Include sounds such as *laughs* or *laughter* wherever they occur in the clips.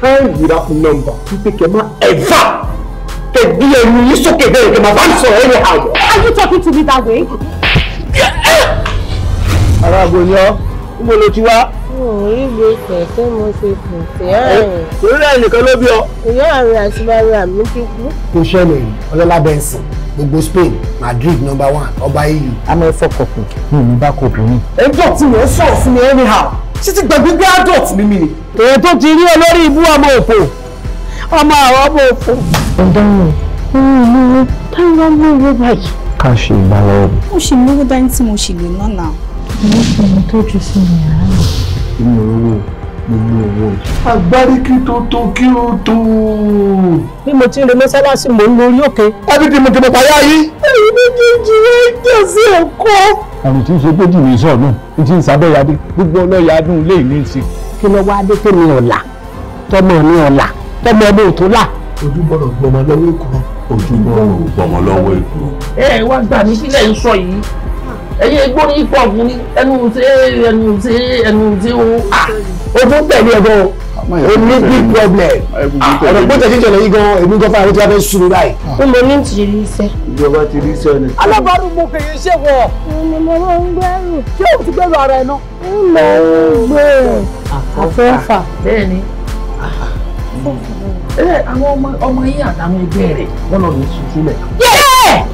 time without number wípé kẹ má ẹ̀fà kẹ bí ẹnu yìí sókè bẹ́ẹ̀ kẹ má bá ń sọ̀rọ̀ Are you talking to me that way? ara àgbòyàn níbo ló ti wá. orílẹ̀ èdè tí mo ṣe kù sí àárín. orílẹ̀ nìkan ló bí ọ. ìyá rẹ̀ àti bàbá mi ti kú. kò ṣẹlẹ̀ yìí ọlọ́lá benson gbogbo spain madrid number one ọba eu. a máa ń fọkàn kù ní ìbákọ̀ obìnrin. ẹjọ́ tí mo sọ̀rọ̀ fún anyhow ṣé ti gbàgbé pé adult ni mí ni. èyí tó ti rí olórí ibú ọmọ òfò ọmọ àwọn ọmọ òfò. ọ̀daràn ohun ìlú wo táwọn ọmọ ìwé báyìí. ká ṣe ìbálẹ̀ rẹ̀. ó ṣì lówó dání tí mo ṣì lè ná náà. mo ṣe ìtọ́jú sí ìyàrá mi. inú owó gbogbo òun agbáríkí tó tó kí ó tó. bí mo ti ń re mọ́sálásí mò ń lórí òkè. ẹbí tí mo ti mọ pàyà yìí. ẹyin méjèèjì rẹ ń jẹ sí ẹkọ. àrùn tí ń ṣe pé dìrì sọ̀nù ní ti ń sábẹ́ yadé gbogbo ọlọ́yà adùn lè ní sí. kí ló wá dé tèmi ọ̀la tọmọ mi ọ̀la tọmọ ọmọ òtó là. ojú gbọ́dọ̀ gbọmọ lọ́wọ́ èkó. ojú gbọ́dọ̀ gbọmọ lọ́wọ́ èkó. ẹ wá gbà mí sílẹ̀ ń sọ yìí ẹ̀yin egbò ní pọ̀ fún ẹnu ṣe ẹnu ṣe ẹnu ṣe ó o tún tẹ̀lé ẹ̀ gan o ní big problem ah, ọ̀rọ̀ pé tẹ̀sí ìṣẹ̀lẹ̀ yìí gan èmi gan fáwọn tí a fẹ́ sùn ní báyìí. n mo ní ti rí iṣẹ́. ìjọba ti rí iṣẹ́ ni. alábàárù mo fèrè ṣe wọ. ni mo máa ń gbẹ́rù. ṣé o ti gbẹ́rù ara ẹ ná. n mọ gbé àfẹ́fà. bẹ́ẹ̀ ni àwọn ọmọ yín àtàwọn ẹgbẹ́ rẹ̀ wọ́n lọ lè sùn sílẹ̀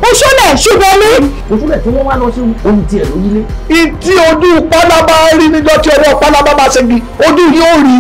oṣólẹ̀ oṣólẹ̀ ṣùgbọ́n mi. oṣólẹ̀ tí wọ́n wá lọ sí ohun tiẹ̀ lórílẹ̀. ìdí ojú pálábá rí níjọ́ tí ọwọ́ pálábá bá ṣe gbin ojú yóò rí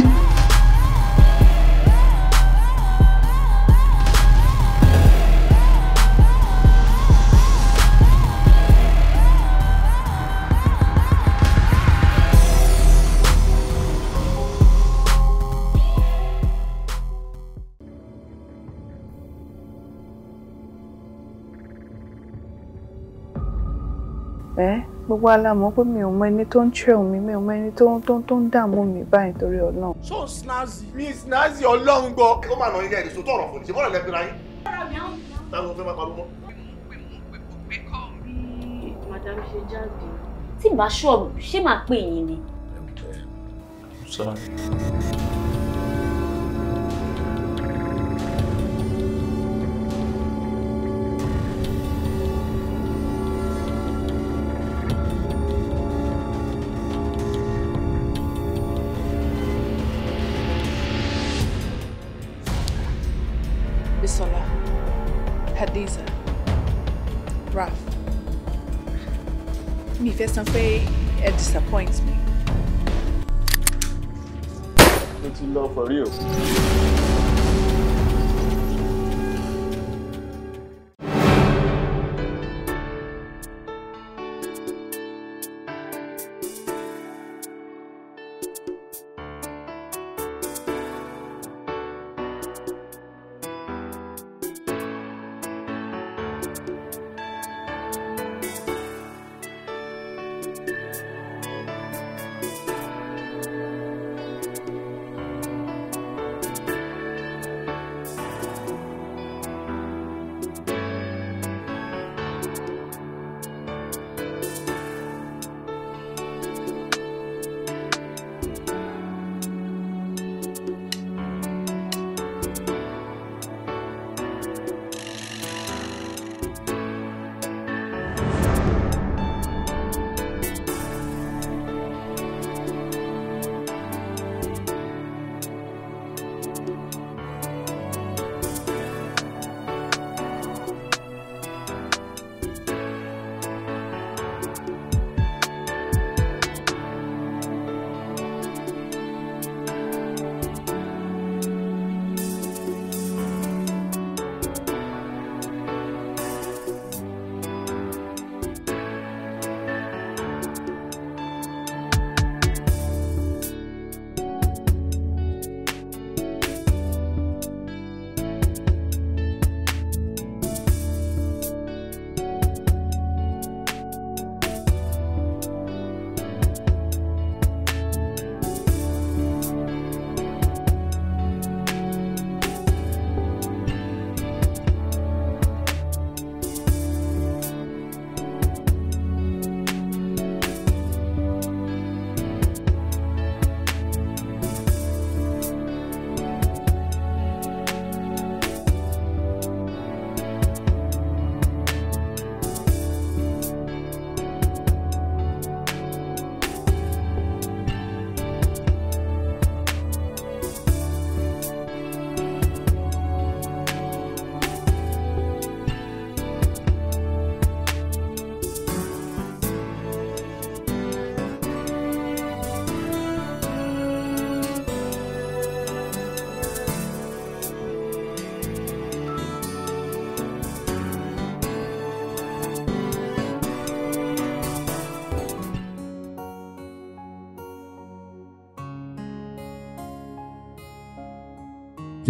gbogbo alamọ pé mi ò mọ ẹni tó ń tẹ omi mi ò mọ ẹni tó ń tó ń dààmú mi báyìí torí Ọlọ́run. so snazzy. mi snazzy Ọlọ́run gbọ́. ó máa nà yín lẹ́yìn èso tọrọ fún ìṣẹ́ bọ́ọ̀lù lẹ́gbẹ̀rẹ̀ ayé. táwọn ọmọ fẹ́ máa parọ́ mọ́. madam ṣe jáde tí bá ṣọ́ọ̀bù ṣé máa pè yín ni. sọ́ra. Valeu!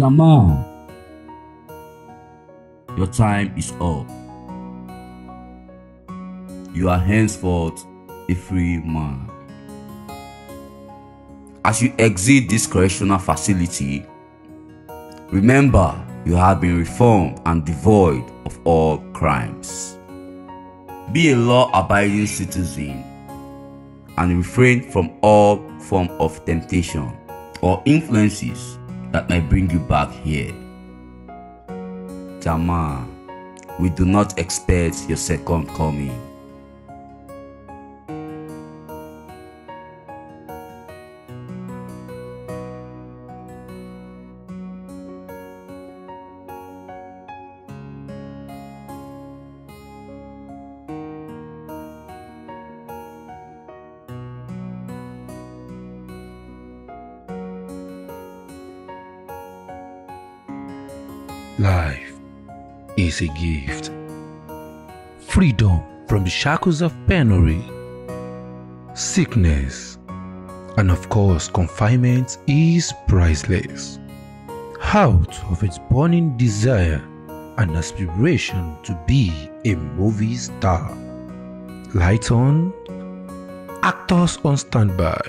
Jamal, your time is up. You are henceforth a free man. As you exit this correctional facility, remember you have been reformed and devoid of all crimes. Be a law abiding citizen and refrain from all form of temptation or influences that may bring you back here. Jama, we do not expect your second coming. is a gift. Freedom from the shackles of penury, sickness, and of course, confinement is priceless. Out of its burning desire and aspiration to be a movie star. light on, actors on standby,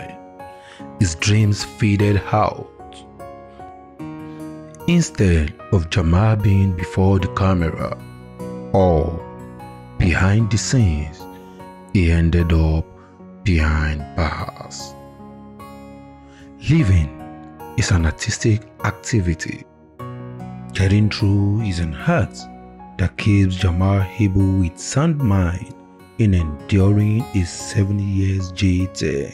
his dreams faded out Instead of Jamal being before the camera or behind the scenes, he ended up behind bars. Living is an artistic activity. Getting through is an art that keeps Jamal Hebel with sound mind in enduring his 70 years jail term.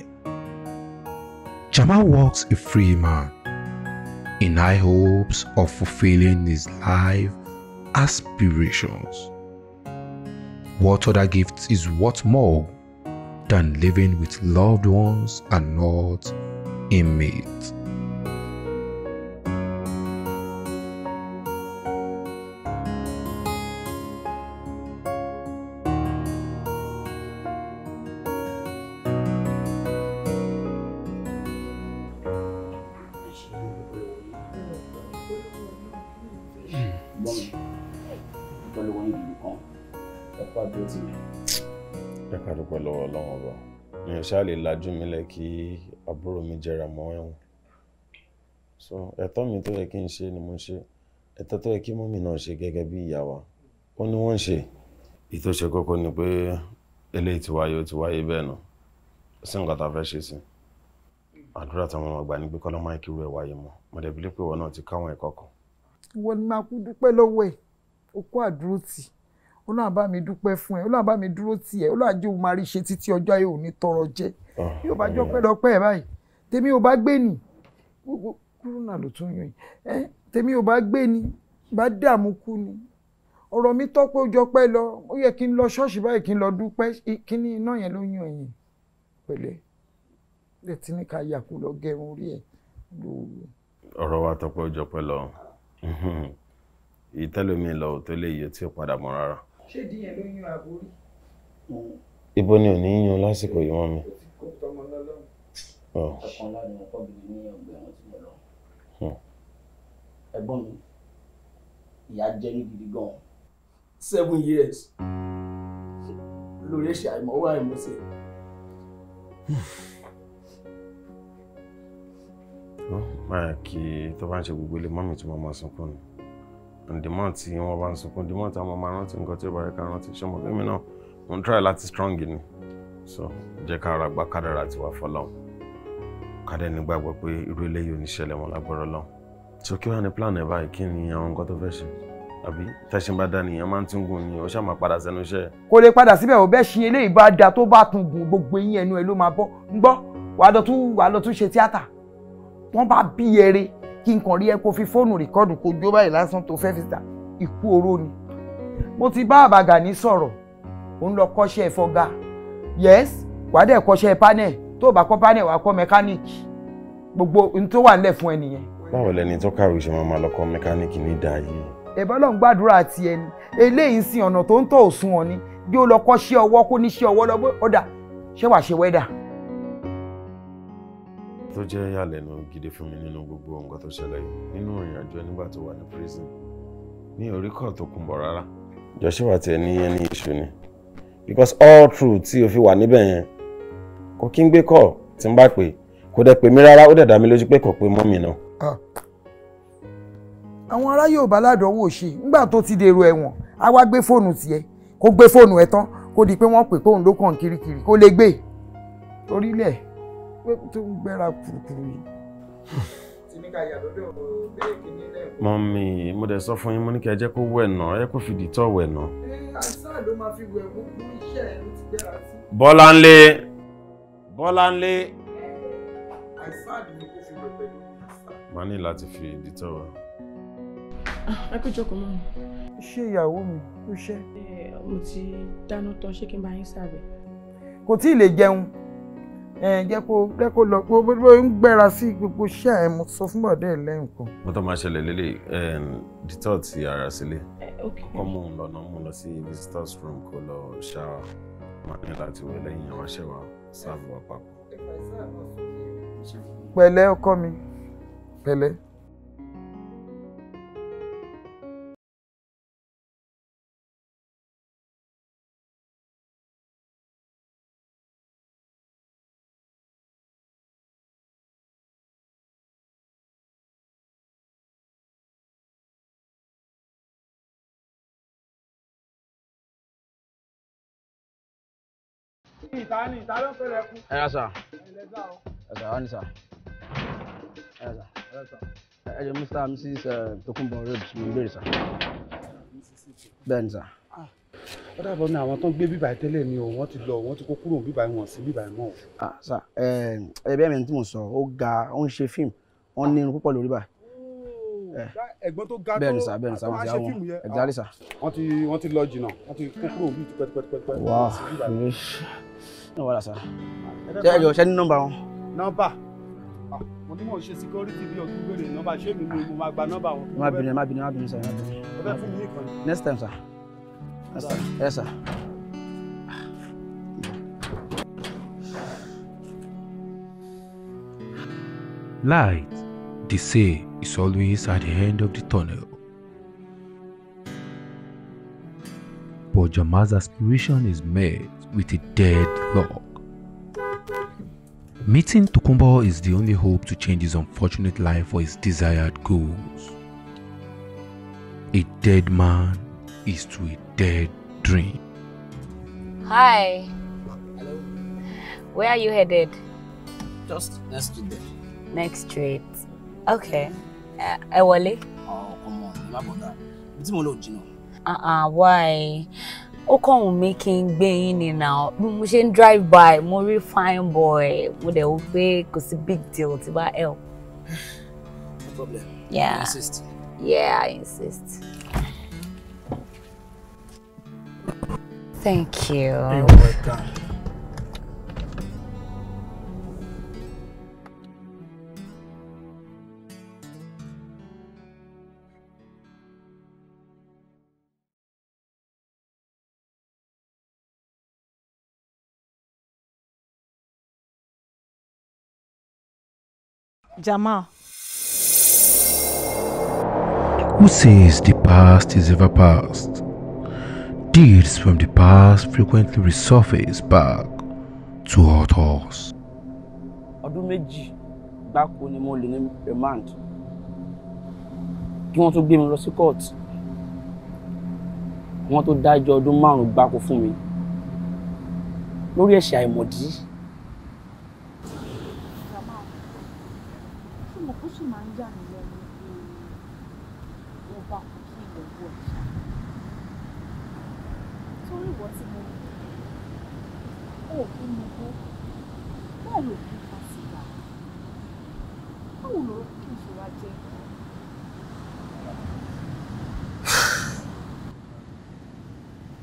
Jamal walks a free man in high hopes of fulfilling his life aspirations. What other gift is worth more than living with loved ones and not inmates? ṣáà lè lajú mi lẹ̀ kí àbúrò mi jẹrà mọ ẹ̀wọ̀n so ẹ̀tọ́ mi tó yẹ kí n ṣe ni mo ṣe ẹ̀tọ́ tó yẹ kí mọ́mì náà ṣe gẹ́gẹ́ bí ìyá wa ó ní wọ́n ń ṣe ìtòṣe kókó ni pé eléyìí ti wáyé ó ti wáyé bẹ́ẹ̀ nù ó sì nǹkan tá a ṣe sí àdúrà táwọn ọmọ àgbà ní pé kọ́lá máa kí irú ẹ̀ wáyé mọ́ mọ̀dẹ̀bí lè pé ìwọ náà ti káwọn ẹ̀kọ́ kan. ìwọ ni máa kú dúpẹ́ lọ́wọ́ ẹ̀ ó kó àdúró tì í ó náà bá mi dúpẹ́ fún ẹ ó náà bá mi dúró tì ẹ ó jẹ́ òun máa rí ṣe títí ọjọ́ ayé òní tọrọ jẹ ah, bí ó bá jọ pẹ́ lọ pẹ́ ẹ báyìí tèmi ò bá gbé ni kúrúnà ló tún yàn yìí tèmi ò bá gbé ni bá dààmú kú ni ọ̀rọ̀ mi tọ́pẹ́ ó jọ pẹ́ lọ ó yẹ kí n lọ ṣọ́ọ̀ṣì báyìí kí n lọ dúpẹ́ kí ni iná yẹn ló yàn yìí pẹ̀lẹ́ lè ti ní ká yàkú lọ gẹrun orí ẹ̀ ọ̀rọ̀ wa tọ́pẹ́ ó jọ lọ ìtẹ́lómi lọ tó lè yẹ tí ó padà mọ́ rárá ṣé díyẹn ló yún àbórí. ibo ni ò ní yún lásìkò yìí mọ́ mi. ẹ̀gbọ́n mi ìyá jẹ́ ní gidi gan seven years lórí ẹ̀ṣẹ̀ àìmọ́wọ́ àìmọ́sẹ̀. máa kí tó bá ń ṣe gbogbo ilé mọ́mì tí mo máa sunkún ni demand tí wọ́n bá ń sunkún demand àwọn máa rántí nǹkan tí ó bá yẹ ká rántí ṣé ọmọ fẹ́mi náà mo ń try láti strong ni so jẹ́ ká ara gba kádàrà tiwa fọlọ́hún kádẹ́ ní gbàgbọ́ pé irú eléyìí ò ní ṣẹlẹ̀ wọn lágbọ́rọ̀ lọ́hún so kí wàá ní plan ẹ̀ báyìí kí ni àwọn nǹkan tó fẹ́ ṣe àbí tẹ́sán bá dá nìyẹn máa ń tún gùn ni ó ṣáà máa padà sẹ́nu iṣẹ́. kò lè padà síbẹ̀ ò bẹ́ẹ̀ ṣe eléyìí bá da tó bá tún gùn gbogbo eyín ẹnu ẹ ló máa bọ́ ń gbọ́ wàá lọ tún wàá lọ tún ṣe tíátà wọ́n bá bí ẹrẹ́ kí n kàn rí ẹ kó fi fóònù rìkọ́dù kó jó báyìí lásán tó fẹ́ fi ta ikú oró ni mo ti bá àbàgà ní sọ̀rọ̀ òun lọ kọ́ṣẹ́ fọ́gà yes wàá dẹ̀ kọ́ṣẹ́ panel tó o bá kọ́ panel wàá kọ́ mẹkáníìkì gbogbo n tó wà nílẹ̀ fún ẹ nìyẹn. báwo lẹni tó kàwé ṣe máa máa lọ kọ́ mẹkáníìkì ní ìdá yìí. ẹ̀bọ́n ló ń gbàdúrà àti ẹni eléyìí ń sin ọ̀nà tó ń tọ̀ òsùn ọ̀ ni bí ó lọ kọ́ṣẹ́ ọwọ́ kó níṣẹ́ ọwọ́ lọ́gbọ́n ọ̀dà ṣé wàá ṣe wẹ́dà tó jẹ́ ìyàlẹ́nu gidi fún mi nínú gbogbo nǹkan tó ṣẹlẹ̀ yìí nínú ìrìn àjò nígbà tó wà ní prison ní orí kọ̀ tó kún bọ̀ rárá. Joshua tiẹ̀ ní ẹni iṣu ni because all through tí o fi wà níbẹ̀ yẹn kò kí ń gbé kọ̀ tí ń bá pè kò dẹ̀ pè mí rárá ó dẹ̀ dá mi lójú pé kò pé mọ́ mi náà. àwọn ará Yorùbá ládọ́wọ́ ṣe nígbà tó ti dèrò ẹ̀wọ̀n á wá gbé fóònù tiẹ̀ kó gbé fóònù ẹ̀ tán kó di pé wọ́n pè pé ló kàn kirikiri kó lè gbé orílẹ̀ pé tó ń gbéra kùrùkùrù yìí. mọ́mí mo dẹ̀ sọ fún yín mo ní kí ẹ jẹ́ kó wẹ̀ nà ẹ kó fìdí tọ̀ wẹ̀ nà. Bọ́láńlé Bọ́láńlé. máa ní láti fi ìdí tọ̀ wẹ̀. Ah, ẹ kó jókòó mọ́ mi. ṣé ìyàwó mi ló ṣe. mo ti dáná tán ṣé kí n bá yín sáré. kò tí ì lè jẹun jẹ́ kó jẹ́ kó lọ bó bó ń gbẹ́ra sí gbogbo iṣẹ́ ẹ̀ mo sọ fún bọ̀dẹ́ lẹ́yìn kan. mo tọ́ máa ṣẹlẹ̀ lélẹ̀ dítọ́ ti ara sílẹ̀ kọ́ mú un lọ́nà mú un lọ sí visitors room kó lọ ṣáà máa ní láti wẹ̀ lẹ́yìn àwọn aṣẹ́wà sáàbù àpapọ̀. pẹ̀lẹ́ ọkọ mi pẹ̀lẹ́. ìta ni ìta ló fẹ́rẹ̀ kú. ẹ ẹ sà ẹ sà wọn ni sà ẹ sà ẹ jẹ mr mrs Tokunbo Robes mi bèrè sà bẹ́ẹ̀ ni sà. Ah, ó dàbọ̀ ní àwọn tó ń gbé bíbà tẹ́lẹ̀ ni o wọ́n ti lọ wọ́n ti kó kúrò bíbà wọn sí bíbà mọ́ o. Ah, sà ẹ ẹ bẹ́ẹ̀ mi tí mo sọ ó ga ó ń ṣe fíìmù wọ́n ní irun púpọ̀ lórí báyìí ẹ̀gbọ́n tó ga tó bẹ́ẹ̀ni sá bẹ́ẹ̀ni sá wọn ti yà wọn exactly sá. wọ́n ti wọ́n ti lọ jìnnà wọ́n ti kúkúrò bíi tipẹ́tipẹ́tipẹ́. wàá ní wàhálà sá. ṣé ẹ jọ ṣẹ́ ní nọ́mbà wọn. nọ́mbà ah, mo ní mò ń ṣe síkọ́rìtì bí ọdún gbèrè nọ́mbà ṣé mi ni mo máa gba nọ́mbà next time sir. next time yes sir. Light, they say, is always at the end of the tunnel. But Jamal's aspiration is made. with a dead log. Meeting Tukumbo is the only hope to change his unfortunate life for his desired goals. A dead man is to a dead dream. Hi. Hello. Where are you headed? Just next street there. Next street. Okay. Uh, eh, Ewale? Oh, come on. Uh-uh, why? ó kàn wù mí kí n gbé yín ni now bí mo ṣe ń drive by mo rí fine boy mo dẹ̀ wò pé kò sí big deal tí bá help. no problem yeah. you insist. yeah i insist. thank you. you're welcome. Jamal. Who says the past is ever past? Deeds from the past frequently resurface back to haunt us. Ọdún méjì gbáko ni mo lè ní remand kí wọ́n tó gbé mi lọ sí court wọ́n tó dájọ́ ọdún márùn-ún gbáko fún mi lórí ẹ̀ṣẹ̀ àìmọ̀dí.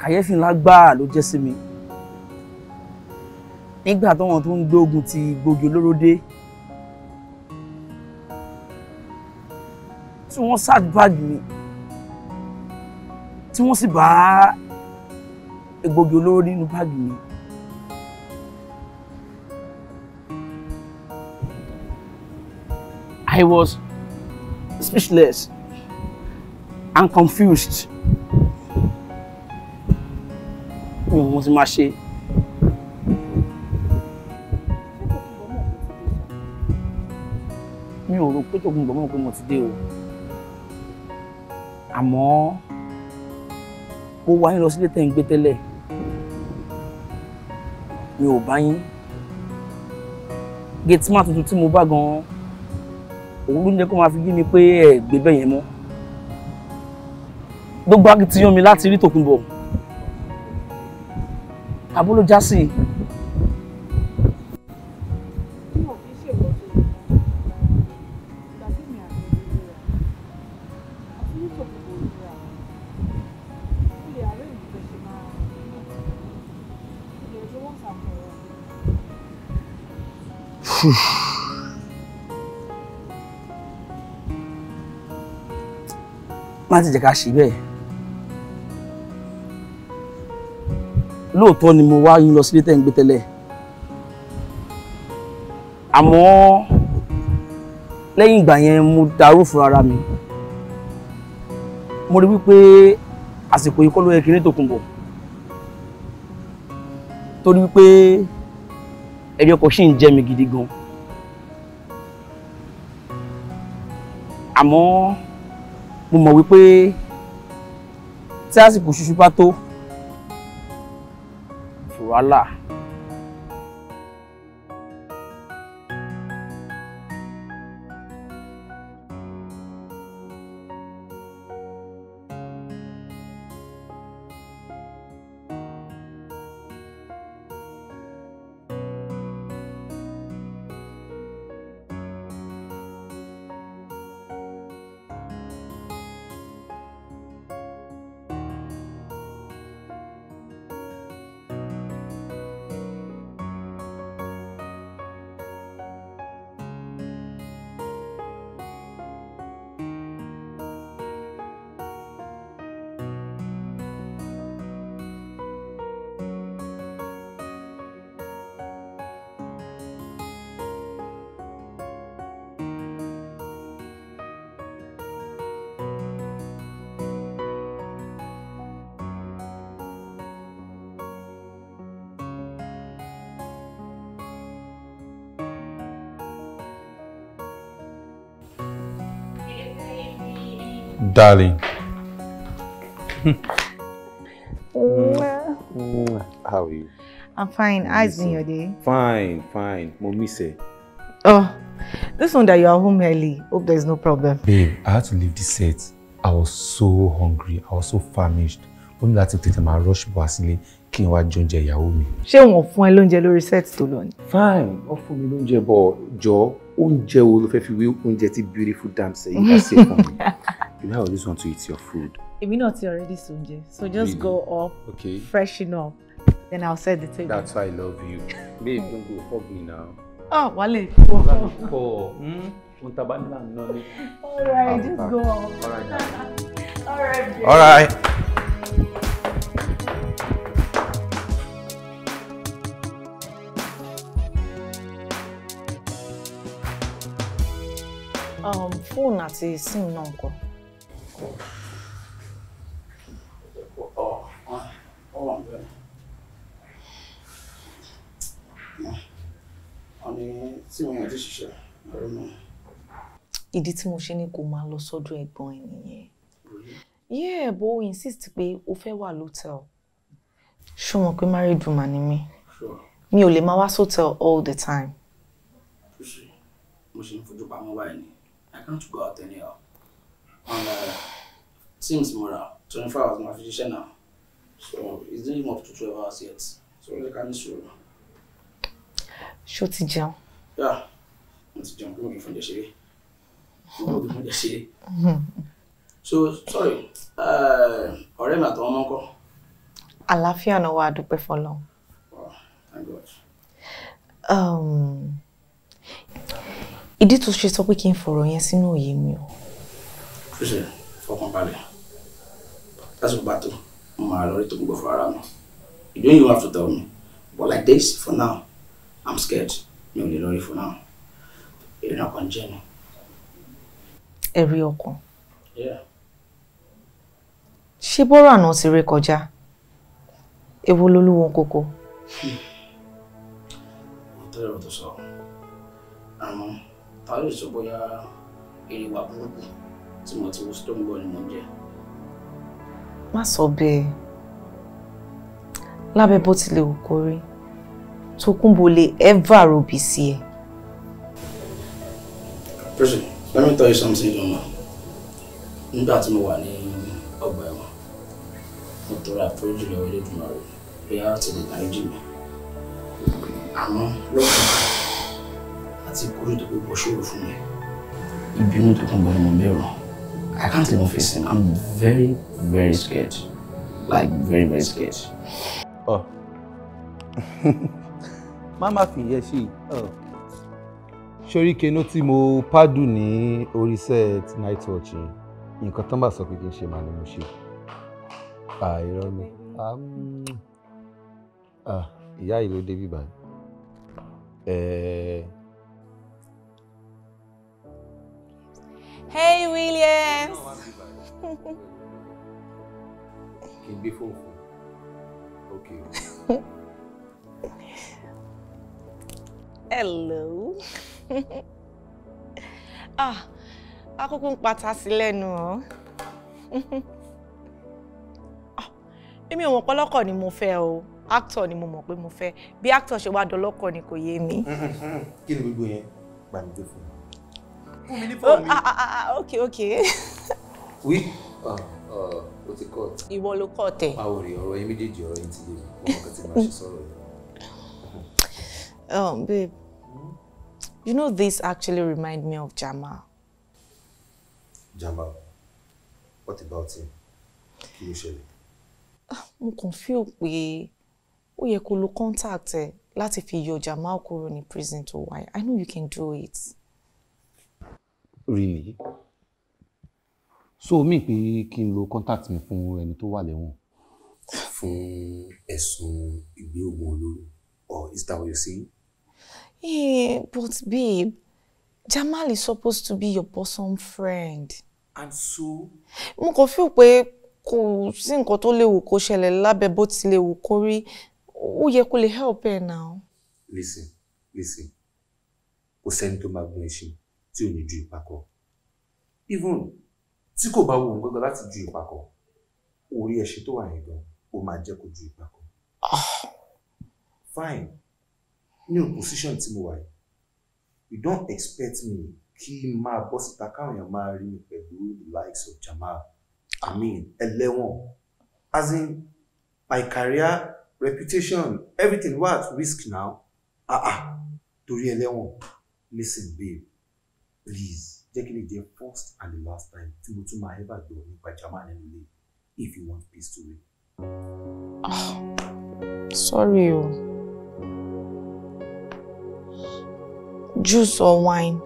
kàyéfì ńlá gbáà ló jẹ́ sí mi nígbà táwọn tó ń gbógun ti gbòógì olóró dé tí wọ́n ṣàdúbàgì mi tí wọ́n sì bá egbògi olóró nínú báàgì mi. I was speechless and confused. mi mo ti máa ṣe. mi ò rò pé tòkunbọ̀ mọ̀ pé mo ti dé o àmọ́ ó wá yín lọ sílé tẹ̀ ń gbé tẹ́lẹ̀ mi ò bá yín gateman tuntun tí mo bá gan-an òun ló ń jẹ́ kó máa fi bí mi pé ẹ̀ gbé bẹ́ẹ̀ mọ́ gbogbo akitiyan mi láti rí tòkunbọ̀ àbúrò jásì. má ti jẹ́ ká ṣe bẹ́ẹ̀. lóòótọ́ ni mo wá yín lọ sílé tẹ́ ń gbé tẹ́lẹ̀ àmọ́ lẹ́yìn ìgbà yẹn mo darú fún ara mi mo rí wípé àsìkò yìí kọ́ ló yẹ kí n ní tòkunbọ̀ torí wípé ẹ̀rí ọkọ̀ ṣì ń jẹ mi gidi gan àmọ́ mo mọ̀ wípé tí àsìkò ṣíṣú bá tó. Voilà. Darling. How are you? I'm fine. How's been your day? Fine, fine. Mommy say. Oh, this one that you are home early. Hope there's no problem. Babe, I had to leave the set. I was so hungry. I was so famished. When that láti tètè máa rush bọ̀ wá sílé kí n wá jóúnjẹ ìyàwó mi. Ṣé wọ́n fún set tó lọ Fine, wọ́n fún mi lóúnjẹ bọ̀ jọ oúnjẹ wo ló beautiful dam ṣe yíká ṣe fún mi. *laughs* Baby, I always want to eat your food. Èmi náà ti already sunje. So just really? go up, okay. freshen up, then I'll set the table. That's why I love you. Babe, don't go hug me now. Oh, Wale. Oh, hmm? Untabanda nani. All right, just go up. All right. All right. Babe. All right. um, fóònù àti sim náà kọ. ni tí wọn àti ṣiṣẹ́ ọ̀rọ̀ náà. ìdí tí mo ṣe ni kò máa lọ sọ́dọ̀ ẹ̀gbọ́n ẹ̀ nìyẹn yeah bó o insist pé o fẹ́ wà lótẹ́ẹ̀l ṣó mọ̀ pé married woman ni mí mi ò lè máa wá sótẹ́ẹ̀l all the time. mo ṣe ń fojú pamọ́ báyìí ni I can't go out anyhow and uh, things mura twenty four hours ma fi ṣiṣẹ́ náà so it's not even up to twelve hours yet so ó lè ká ní sùúrù ṣó ti jẹun. yà mo ti jẹun kí mo kì í fún jẹ ṣeré mo kì í fún jẹ ṣeré mm-hmm. so sorry eh, ọ̀rẹ́ mi àtàwọn ọmọ ń kọ́. àlàáfíà náà wà á dúpẹ́ fọlọ́run. Thank God. Um, ìdí tó ṣe sọ pé kí n fọ̀rọ̀ yẹn sínú òye mi o. ṣíṣe fọkàn balẹ̀ lásìkò bá tó mo máa lọ rí tó gbogbo fún ara mi you don't even have to tell me but like this for now I'm scared. Mi ò know lórí for now. You're not Ìrìn ọkàn jẹ́ mi. Ẹ̀rí ọkàn. Ṣé bọ́rọ̀ àná ti ré kọjá? Èwo lolúwo kókó? Ọ̀tọ́ ẹ̀rọ tó sọ. Àmọ́ ta ló sọ bóyá èrè wà burúkú tí mo ti wo stone ball ni the jẹ? Má sọ bẹ́ẹ̀. Lábẹ́ bó tilẹ̀ wù kó rí. Tokunbo lè ever robi sí ẹ. Prison, let me tell you something, You know Loma. Nígbà tí mo wà ní ọgbà you mo tọrọ àforíjì lọ́wọ́ ilé ìgbìmọ̀ rẹ̀ bóyá ó ti lè dáríjì mi. Àmọ́ lọ́kàn àti kúrò tó gbogbo ṣòro fún mi. Ìbínú Tokunbo ni mo bẹ̀rù. I can't even face him. I'm very, very scared. Like, very, very scared. Oh. *laughs* má má fi yẹn ṣe ṣoríke inú tí mo pádùn ní orí night watching yẹn nǹkan tán bá sọ pé kí n ṣe màá ni mo ṣe àìrọ mi ìyá yìí ló dé bíbá ẹ. Hey Williams. kì í gbé ok. *laughs* Hello. *laughs* ah, akókó ń pata sí lẹ́nu ọ́. *laughs* Ah, èmi ò mọ̀ pé ni mo fẹ́ o, actor ni mo mọ̀ pé mo fẹ́. Bí actor ṣe wá dọlọ́kọ̀ ni kò yé mi. *laughs* Kí ni gbogbo yẹn? Gbà mí dé fún mi. Fún mi ní fóònù mi. Oh, ah, ah, ok, ok. Oui, o ti kọ́. Ìwọ ló kọ́ tẹ̀. Báwo ọ̀rọ̀ yín méjèèjì ọ̀rọ̀ yín ti yé mi, mo mọ̀ kàn ti máa ṣe sọ̀rọ̀ yẹn. Um, babe, you know this actually remind me of Jamal. Jamal? What about him? Kí ló ṣẹlẹ̀? Mo kàn feel pé ó yẹ kó contact Let if fi yọ Jamal kúrò ní prison to wà. I know you can do it. Really? So mi pé kí n lo contact mi fún ẹni tó wà lẹ́wọ̀n. Fún ẹ̀sùn ìgbé oògùn olóró or is that what you saying? Yeah, but babe, Jamal is supposed to be your bosom friend. And so? Mo kàn feel pé kò sí nǹkan tó léwu kó ṣẹlẹ̀ lábẹ́ bó ti léwu kó rí. Ó yẹ kó lè help ẹ now. Listen, listen. Kò sẹ́ni tó máa gun ẹṣin tí ò ní ju ìpàkọ́. Even tí kò bá wù ú gbọ́dọ̀ láti ju ìpàkọ́, orí ẹṣin tó wà yẹn gan, ó máa jẹ́ kó ju ìpàkọ́. Ah. Fine ní position tí mo wà yìí you don't expect me kí n máa bọ́ síta káwọn èèyàn máa rí mi pẹ̀lú the likes of Jamal I mean ẹlẹ́wọ̀n as in my career reputation everything wà at risk now ah ah torí ẹlẹ́wọ̀n listen babe please jẹ́ kí lè jẹ́ first and the last time tí mo tún máa ever gbọ́ nípa Jamal nínú ilé if you want peace to reign. Ah, sorry o. Oh. juice or wine?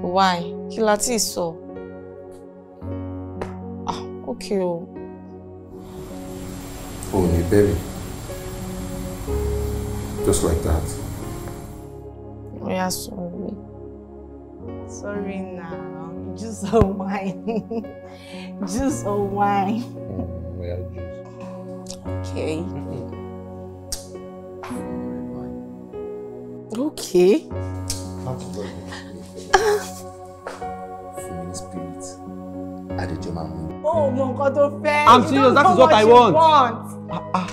Why? Kí la ti sọ? Ah, okay o. Oh, ni baby. Just like that. Oh, yeah, sorry. Sorry now. Juice or wine? *laughs* Juice or wine? Mm, oya juice. Okay. Okay. *laughs* Oh, mo God! tó fẹ́. I'm serious. That is what I want. want. Ah, ah.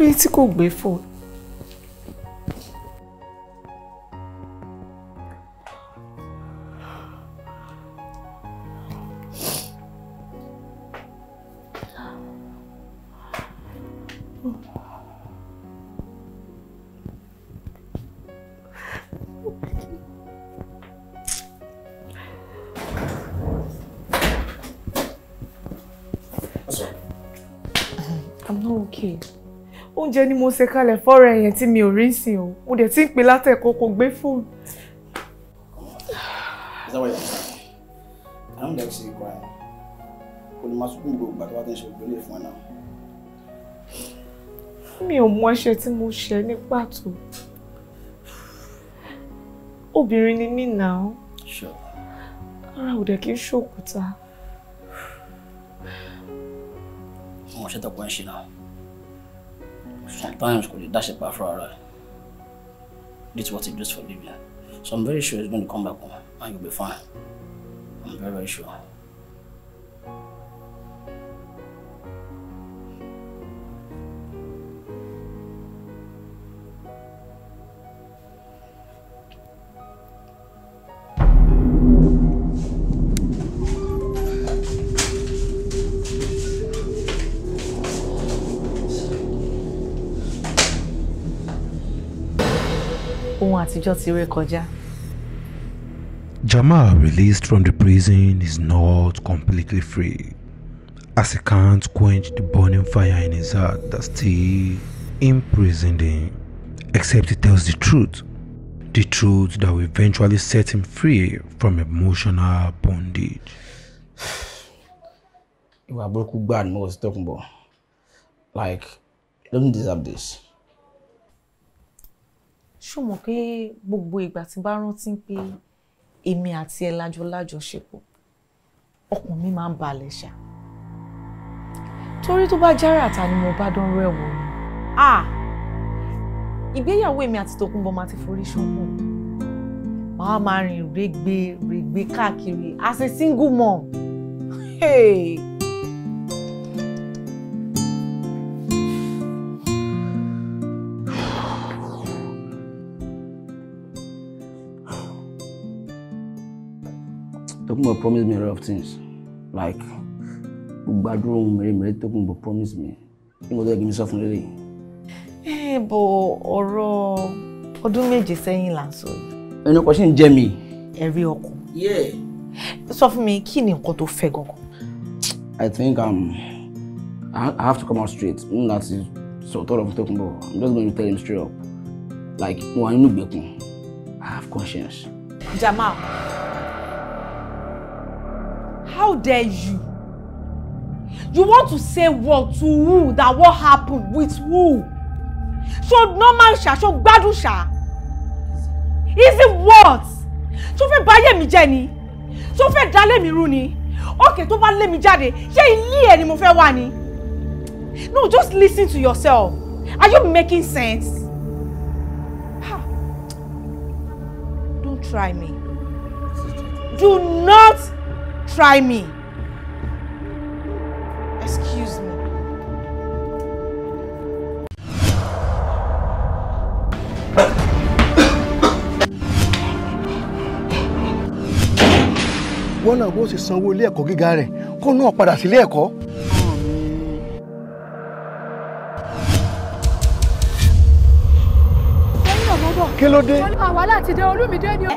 lo yẹ tí kò fóònù. I'm okay. oúnjẹ ni mo ṣe kalẹ̀ fọ́ra ẹ̀yẹn tí mi ò rí sìn o mo dẹ̀ ti ń pè látẹ̀kọ́ kò gbé fóònù. Is that what you're saying? I don't like to see you crying. Kò ní máa sunkún gbogbo àti wá ògbélé fún ẹ náà. Mi ò mọ ẹ̀ṣẹ̀ tí mo ṣẹ̀ ní pàtó. Obìnrin ni mí náà. Ara ò dẹ̀ kí ń ṣòkúta. Àwọn ọ̀ṣẹ́ tọ̀pọ̀ ń ṣe náà. Sometimes that's a power for her. is what he does for Libya. So I'm very sure he's going to come back home and you'll be fine. I'm very, very sure. tóun àtijọ́ ti ré kọjá. Jamal, released from the prison, is not completely free, as he can't quench the burning fire in his heart that still imprisoned him, except he tells the truth, the truth that will eventually set him free from emotional bondage. Ìwà burúkú gbáà ni mo was talking about. Like, I don't deserve this ṣó mọ̀ pé gbogbo ìgbà tí bá rántí pé èmi àti ẹ lájọ lájọṣepọ̀ ọkàn mi máa ń balẹ̀ ṣá torí tó bá jára àta ni mo bá dán rẹ̀wọ̀ ni ìgbéyàwó èmi àti Tòkunbọ̀ máa ti forí ṣọ́pọ̀ màá máa rìn rẹ́gbẹ̀rẹ́gbẹ̀ káàkiri as a single mom. Hey. God promised me a lot of things. Like, gbogbo àdúrà Mary mèremère tó kún God me. You tó yẹ give me sọ fún lélẹ̀. Ẹ eh, bò ọ̀rọ̀ ọdún méje sẹ́yìn là ń sọ yìí. Ẹnu ọkọ̀ ṣì ń jẹ mi. Ẹ̀rí ọkọ̀. Sọ fún mi kí ni I think I'm. Um, I have to come out straight. That is so. sọ̀tọ̀ ọ̀rọ̀ fún Tókunbọ̀. I'm just going to tell him straight up. Like, I have conscience. Jamal. How dare you? You want to say what to who that what happened with who? So normal ṣá, so gbádùn ṣá. Is it what? So fẹ́ báyé mi jẹ́ ni? so fẹ́ dalé mi rú ni? Okay, tó bá lé mi jáde, ṣé ilé ẹ̀ ni mo fẹ́ wà ni? No, just listen to yourself. Are you making sense? Ha. Don't try me. Do not try me. Excuse me. wọ́n náà bó ṣe sanwó ilé ẹ̀kọ́ gíga rẹ̀ kó náà padà sílé ẹ̀kọ́. kí ló dé. wọ́n ní àwọn wàhálà ti dé Olúmídé ni ó.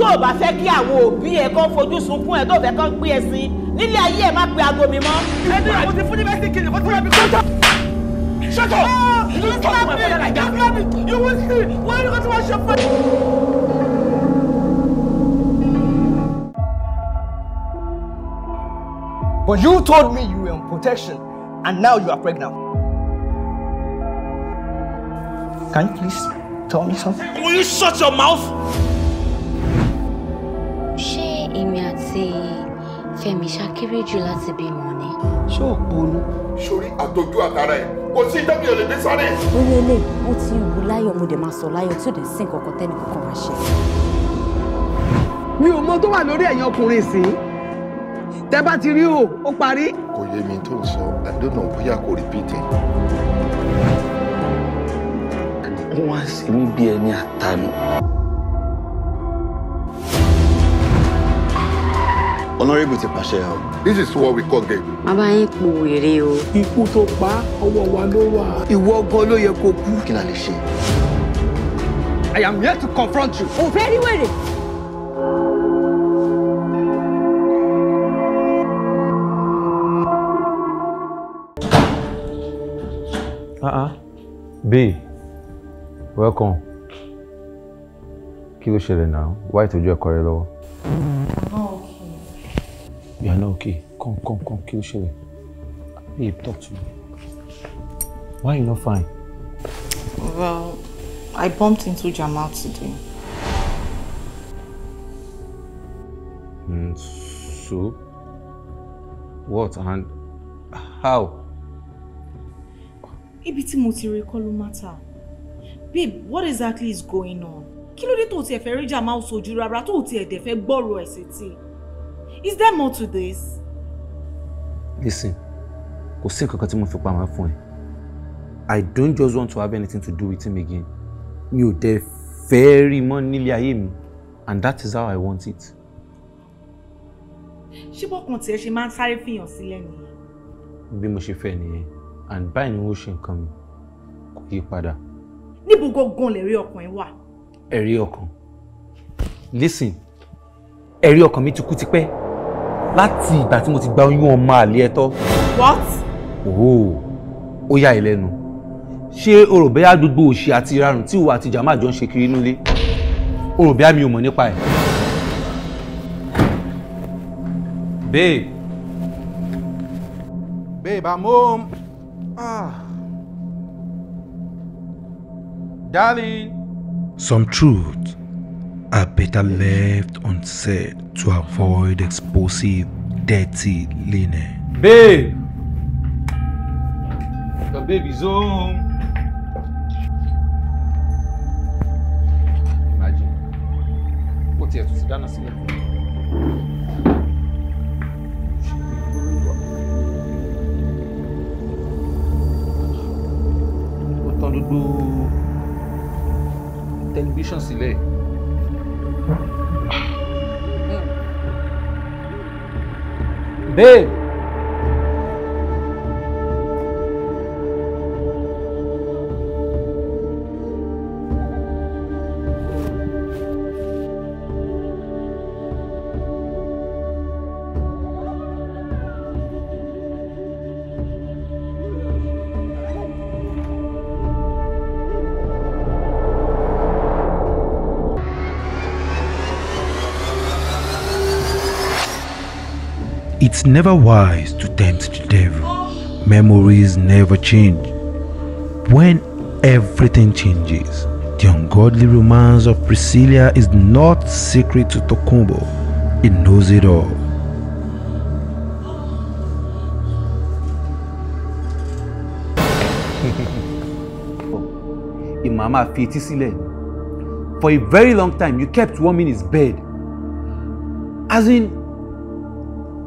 tó o bá fẹ́ kí àwọn òbí ẹ kọ́ fojú sunkún ẹ tó o fẹ́ kọ́ gbé ẹ sí nílé ayé ẹ má pe aago mi mọ́. ẹni àwọn ti fún ní mẹ́sì kìnìún fún tíwájú kọ́tà. ṣètò ìlú tó kún ẹ̀fọ́ yàrá ìjà. you will see wọ́n ní kó tí wọ́n ṣe But you told me you were in protection and now you are pregnant. Can you please tell me something? Will you shut your mouth? àti Fẹ́mi ṣakéré jù láti bímọ ni. ṣé ò ponú. sórí àtọjú àtàrà ẹ kò sí ìjọba ìyọlẹ dé sáré. lórí eléyìí wọn ti wù láyọ̀ mo dé máa sọ láyọ̀ tí ò dé sí nǹkan kan tẹ́nì kankan wá ṣe. mi ò mọ tó wà lórí ẹ̀yin ọkùnrin sí tẹ bá ti rí o ó parí. kò yé mi tó ń sọ I don't know bóyá kò repeat it wọ́n á sì bí ẹni àtànù. honourable ti pàṣẹ o. this is what we call game. bàbá yín po wèrè o. ikú tó pa ọwọ́ wa ló wà. ìwọ gan ló yẹ kó kú. kí la lè ṣe. I am here to confront you. ò fẹ́ rí wèrè. Uh-uh. Babe, welcome. Kí ló ṣẹlẹ̀ náà? Why ìtọ́jú ẹ̀kọ́ rẹ lọ́wọ́? You are not okay. Come, come, come, kí ló Babe, talk to me. Why are you not fine? Well, I bumped into Jamal today. Mm, so? What and how? Ibi tí mo ti rí matter. Babe, what exactly is going on? Kilo ló dé tó o tiẹ̀ fẹ́ rí Jamal sójú rárá tó o tiẹ̀ dẹ̀ fẹ́ gbọ́rọ̀ ẹ̀ sétí? Is there more to this? Listen, kò sí nǹkan kan tí mo fi pamọ́ fún I don't just want to have anything to do with him again. You, ò very fẹ́ rí him, and that is how I want it. She bọ́kàn tiẹ̀ She máa sorry for your sílẹ̀ Be Bí mo ṣe and báyìí ni wọ́n ṣe nǹkan mi kò yí padà. Níbo gangan lẹ̀rí ọkàn ẹ wà? Ẹ̀rí ọkàn. Listen, ẹ̀rí me to cut it. tipẹ́ láti ìgbà tí mo ti gba oyún ọmọ àlè ẹ̀tọ́. what. ooo ó yà ẹ́ lẹ́nu ṣé o rò bẹ́yà gbogbo òṣì àti ìrarùn tí ìwà àti jàmáà jọ ń ṣe kiri inú ilé o rò bẹ́yà mi ò mọ̀ nípa ẹ̀. babe. babe i'm home. Ah. darling. some truth I better left unsaid to avoid explosive, dirty linen. Babe! The baby's home. Imagine. Ó tiẹ̀ tún ti dáná sílẹ̀. Ó tán gbogbo tẹlifíṣàn sílẹ̀. D. It's never wise to tempt the devil. Memories never change. When everything changes, the ungodly romance of Priscilla is not secret to Tokumbo. He knows it all. Imama *laughs* Fietisile, for a very long time, you kept warming his bed. As in,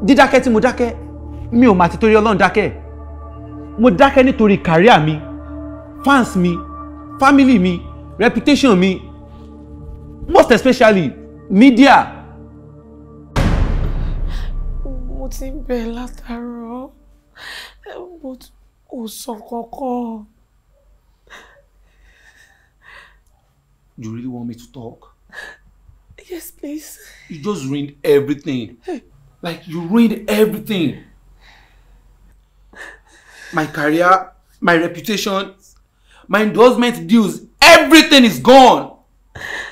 dídákẹ́ tí mo dákẹ́ mi ò mà ti torí ọlọ́run dákẹ́ mo dákẹ́ nítorí kàríà mi fans mi family mi reputation mi most especially media. mo ti ń bẹ̀ látàárọ̀ mo ò sọ kankan. You really want me to talk? Yes, please. You just ruined everything. Hey. Like you ruined everything. My career, my reputation, my endorsement deals, everything is gone.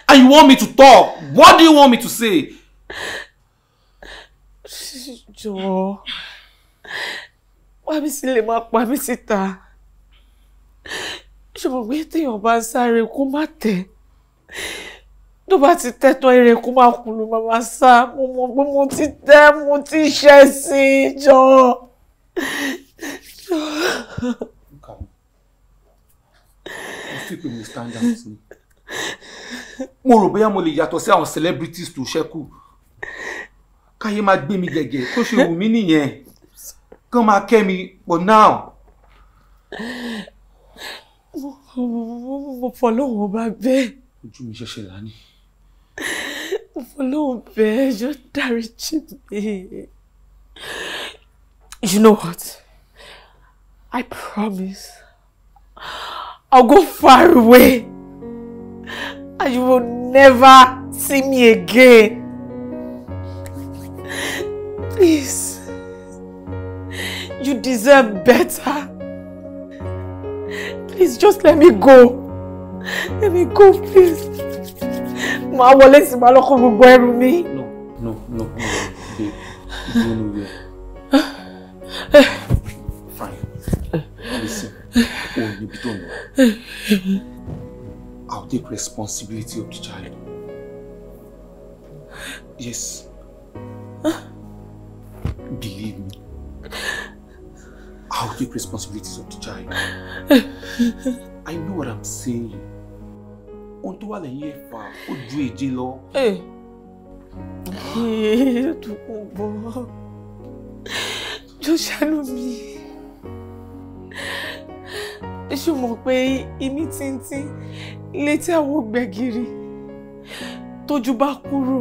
And you want me to talk? What do you want me to say? Jọ̀ọ́, wá mi sílẹ̀ máa pa mí síta. Ṣùgbọ́n pé téèyàn bá ń sáré kó má tẹ̀ tó bá ti tẹ́tọ́ eré kó má kú ló máa sá mo mọ̀ pé mo ti tẹ́ mo ti ṣẹ̀ sí i jọ. mo rò bóyá mo lè yàtọ̀ sí àwọn celebrities tó ṣẹ́kù káyé máa gbé mi gẹ̀gẹ̀ tó ṣe wù mí nìyẹn kán máa kẹ́ mi for now. mo fọ́ lóhùn ọba bẹ́ẹ̀. ojú mi ṣẹ̀ṣẹ̀ lánìí. mo fọlọ́hún you yóò dáríjì me. You know what? I promise I'll go far away and you will never see me again. Please, you deserve better. Please just let me go. Let me go, please. Ma, wọlé sí máa lọ́kọ̀ gbogbo ẹrù mi. no no no babe you know where. fine listen Oh, you tó ń lọ i will take responsibility of the child yes believe me i will take responsibility of the child i know what i'm saying. ohun tó wà lẹ́yìn ẹ̀fà ó ju èje lọ. dùkú bọ́ jọ mi ṣó mọ̀ pé imí tíntín létí àwọn gbẹ̀gìrì tójú bá kúrò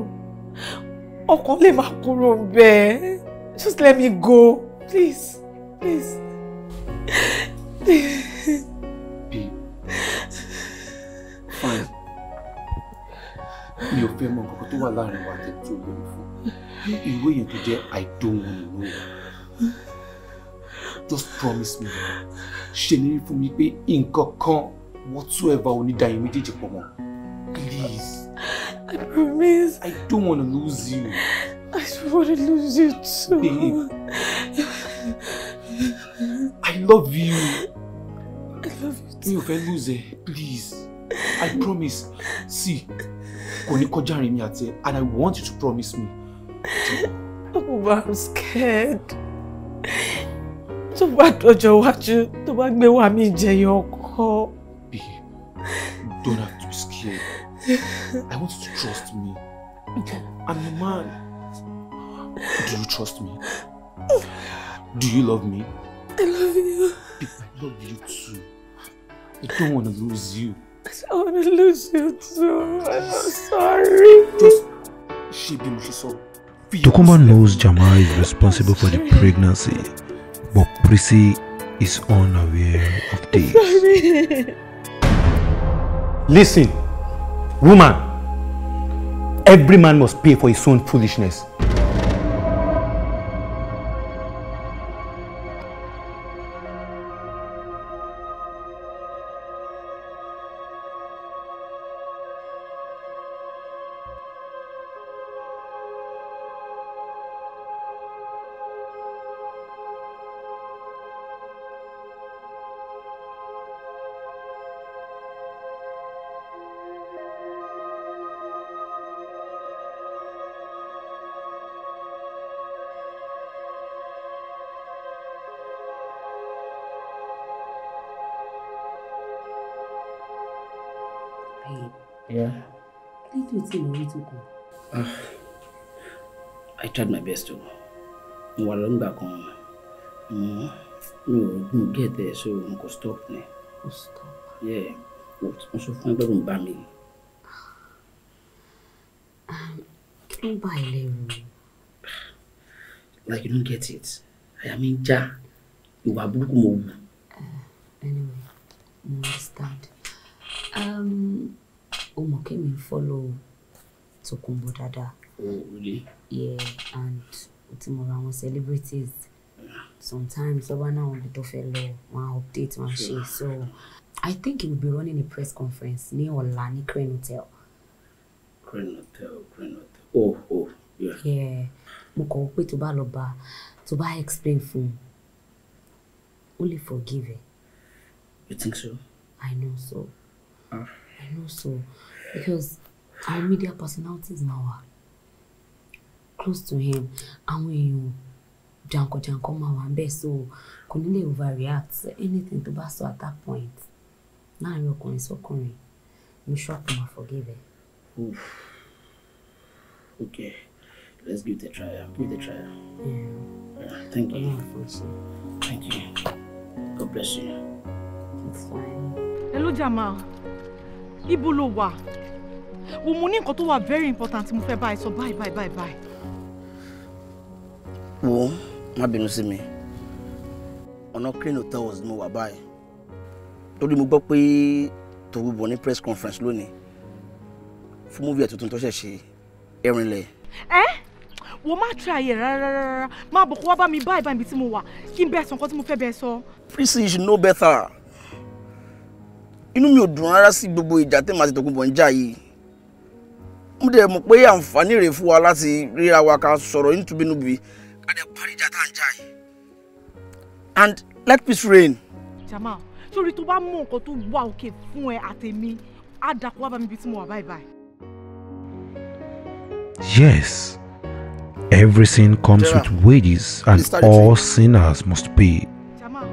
ọkàn lè má kúrò bẹ́ẹ̀ just let me go please please please. mi ò fẹ́ mọ nǹkan tó wà láàrin wa àti tó lóyún fún ìwé yẹn tó jẹ́ i don't wanna know just promise me ṣe ní fún mi pé nǹkan kan whatsoever ò méjèèjì pọ̀ mọ́ please. I promise. I don't want to lose you. I don't want to lose you too. Babe. I love you. I love you too. Mi ò fẹ́ lose ẹ, please. I promise. See, kò ní kọjá rìn mi àti ẹ and I want you to promise me. Oh, I'm scared. Tó bá dọjọ́ wájú, tó bá gbé wá mi jẹyọ ọkọ. Babe, you don't have to be scared. I want you to trust me. I'm your man. Do you trust me? Do you love me? I love you. Babe, I love you too. I don't want to lose you. I want to lose you too. I'm sorry. Just, she been so Tokumba knows Jama is responsible for the pregnancy, but Prissy is unaware of this. Sorry. Listen, woman, every man must pay for his own foolishness. best o mo wà lọ́ngbà kan mm, mi ò gùn gẹ̀ẹ́tẹ̀ so n kò stop ni mo sọ fún ẹgbẹ́ mi bá mi. kí ló ń bá ẹ lẹ́rù? like you don't get it àyà mi ń já ìwà burúkú mo wù. Eh, anyway mo understand um, o mọ̀ kí mi follow Tòkunbọ̀ dáadáa. Yeah, and tí mo ra celebrities sometimes ọba náà wọn tó fẹ́ lọ wọn á update wọn ṣe so I think he will be running a press conference near Olani Crane Hotel. Crane Hotel Crane Hotel oh oh yeah. yeah mo kàn pé tó bá lọ bá tó bá explain fún un lè forgive it. You think so? I know so. Ah. I know so because our media personalities now are close to him àwọn èèyàn jàǹkànjàǹkàn máa wà bẹ́ẹ̀ so kò ní lè overreact anything tó bá sọ at that point láàrin ọkùnrin sọkùnrin mo ṣọ́ọ̀kù máa forgive ẹ. okay let's give it a try give it a try. Yeah. Yeah, thank you thank you god bless you. it's fine. hello Jamal ibo lo wà wo mo ní nǹkan tó wà very important mo fẹ́ bá ẹ sọ bye bye bye bye wo má bínú sí mi ọ̀nà crane hotel was mo wà báyìí torí mo gbọ́ pé tòwú bọ̀ ní press conference lónìí fún movie tuntun tó ṣẹ̀ ṣe ẹ̀rìnlẹ̀. ẹ wo má try ayé rárá rárá má bọ̀ kó wá bá mi báyìí báyìí tí mo wà kí n bẹ́ẹ̀ sọ nǹkan tí mo fẹ́ bẹ́ẹ̀ sọ. Prissy you should know better inú mi ò dùn rárá sí gbogbo ìjà tí màá ti tòkun bọ̀ ń jà yìí mo dẹ̀ mọ̀ pé àǹfààní rèé fún wa láti ríra wa ká sọ̀rọ̀ nítubínúbi a dẹ̀ parí ìjà tá and let peace reign. Jamal sórí tó bá mọ nǹkan tó wà òkè fún ẹ àtẹ̀mí á dàpọ̀ wá bá mi bí tí mo wà Yes, every sin comes Jera, with wages, and all sinners must pay. Jama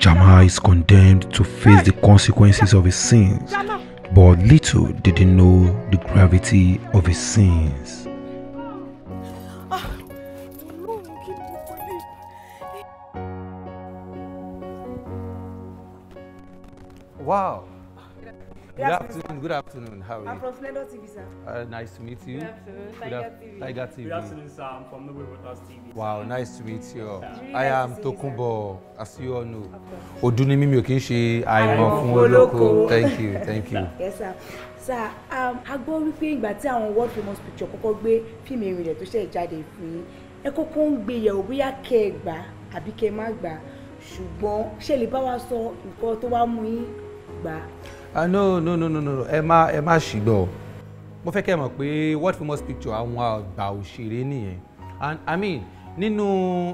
Jamal is condemned to face hey. the consequences Jama. of his sins, Jama. but little did he know the gravity of his sins. Wow. Good, afternoon. Good afternoon. How are you? I'm from Splendor TV, sir. Uh, nice to meet you. Good afternoon. Tiger good TV. Tiger TV. Good afternoon, sir. I'm from Noble Waters TV. Wow, nice to meet you. Really I nice am Tokunbo, as you all know. Ọdún ni mí mi ò kì Thank you, thank you. yes, sir. Sir, um, go gbọ́ wípé ìgbà tí àwọn world famous picture Koko gbé fíìmù ìrìnlẹ̀ tó ṣẹ̀ jáde fún yín, ẹ kọ́kọ́ ń gbé yẹ̀wò bóyá kẹ́ ẹ gbà àbí kẹ́ ẹ má gbà ṣùgbọ́n ṣe lè bá wa sọ gbà. ah no no no no no ẹ má ẹ má ṣìgbọ́ mo fẹ́ kẹ́ mọ̀ pé world famous picture àwọn àgbà òṣèré nìyẹn and i mean nínú